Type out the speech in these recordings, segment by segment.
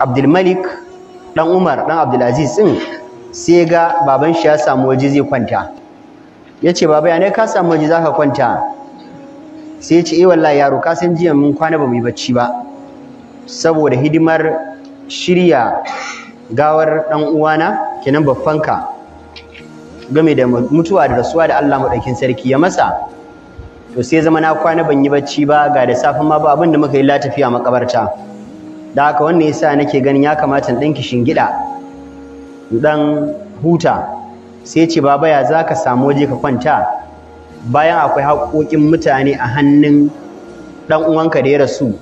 abdulmalik dan umar dan abdulaziz din sai ga baban shi ya samu waje zai kwanta ya ce baba ya ka samu waje zaka kwanta sai ya ce eh wallahi yaro ka san jiya mun kwana ba mu yi bacci ba saboda hidimar shirya gawar dan uwana kenan ka. game da mutuwa da rasuwa da Allah madaukin sarki ya masa to sai zama na kwana ban yi bacci ba ga da safe ma ba abin da muka yi latafiya makabarta da haka wannan yasa nake ganin ya kamata in ɗanki shingida ɗan huta sai ce baba ya za ka samu waje ka kwanta bayan akwai haƙoƙin mutane a hannun ɗan uwanka da ya rasu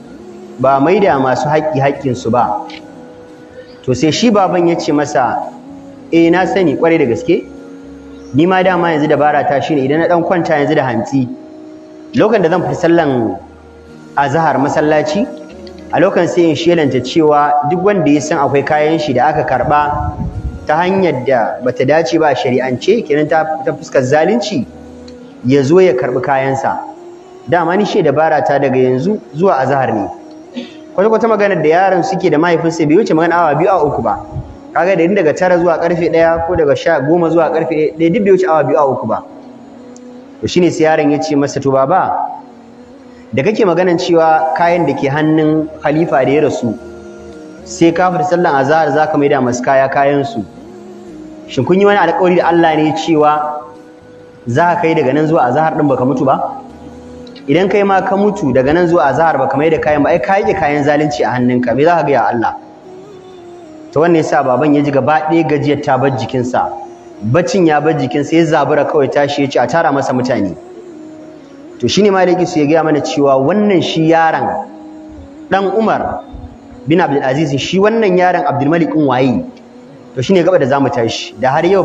ba mai da masu haƙƙi haƙƙinsu ba to sai shi baban ya ce masa eh na sani ƙwarai da gaske ni ma dama yanzu dabara ta ne idan na ɗan kwanta yanzu da hantsi lokacin da zan fita sallan azahar masallaci a lokacin sai in shelanta cewa duk wanda ya san akwai kayan shi da aka karba ta hanyar da bata dace ba shari'ance kenan ta, ta fuskar zalunci ya zo ya karbi kayansa dama ni shi dabara ta daga yanzu zuwa azhar ne kwata kwata magana da yaron suke da mahaifinsa bai wuce magana awa biyu a uku ba kaga da daga tara zuwa karfe ɗaya ko daga sha goma zuwa karfe ɗaya duk bai wuce awa biyu a uku ba to shine sai yaron ya ce masa to baba da kake maganan cewa kayan da ke hannun khalifa da ya rasu sai ka fita sallan za zaka mai da masu kaya kayansu, su shin kun yi wani alƙawari da Allah ne cewa za ka kai daga nan zuwa azahar din baka mutu ba idan kai ma ka mutu daga nan zuwa ba baka mai da kayan ba ai ka yi kayan zalunci a hannunka me za ka ga ya Allah to wannan yasa baban ya ji gaba ɗaya gajiyar ta bar jikinsa baccin ya bar jikinsa ya zabura kawai tashi ya ce a tara masa mutane to shine maliki su ya gaya mana cewa wannan shi yaran dan Umar bin Abdul Aziz shi wannan yaron Abdul Malik waye to shine gaba da zamu tashi da har yau